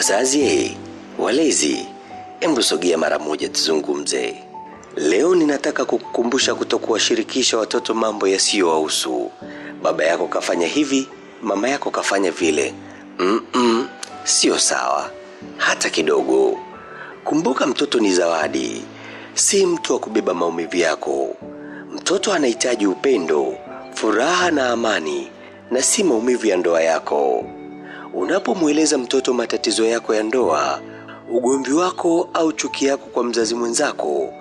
Wazazi walezi, embu sogea mara moja tuzungumze. Leo ninataka kukukumbusha kutokuwashirikisha watoto mambo yasiyowahusu. Baba yako kafanya hivi, mama yako kafanya vile. Mm -mm, siyo sawa hata kidogo. Kumbuka, mtoto ni zawadi, si mtu wa kubeba maumivu yako. Mtoto anahitaji upendo, furaha na amani, na si maumivu ya ndoa yako. Unapomweleza mtoto matatizo yako ya ndoa, ugomvi wako au chuki yako kwa mzazi mwenzako,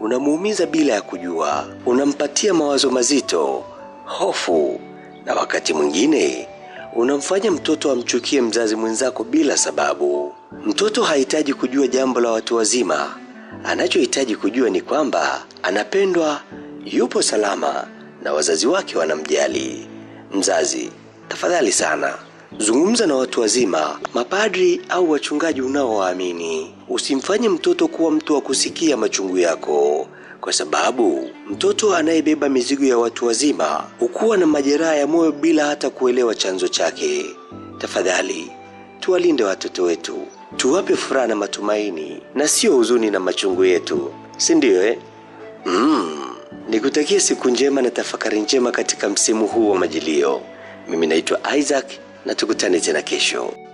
unamuumiza bila ya kujua. Unampatia mawazo mazito, hofu, na wakati mwingine unamfanya mtoto amchukie mzazi mwenzako bila sababu. Mtoto hahitaji kujua jambo la watu wazima. Anachohitaji kujua ni kwamba anapendwa, yupo salama na wazazi wake wanamjali. Mzazi, tafadhali sana Zungumza na watu wazima, mapadri au wachungaji unaowaamini. Usimfanye mtoto kuwa mtu wa kusikia machungu yako, kwa sababu mtoto anayebeba mizigo ya watu wazima hukuwa na majeraha ya moyo bila hata kuelewa chanzo chake. Tafadhali tuwalinde watoto wetu, tuwape furaha na matumaini na sio huzuni na machungu yetu, si ndio eh? Mm, Nikutakie siku njema na tafakari njema katika msimu huu wa Majilio. Mimi naitwa Isaac na tukutane tena kesho.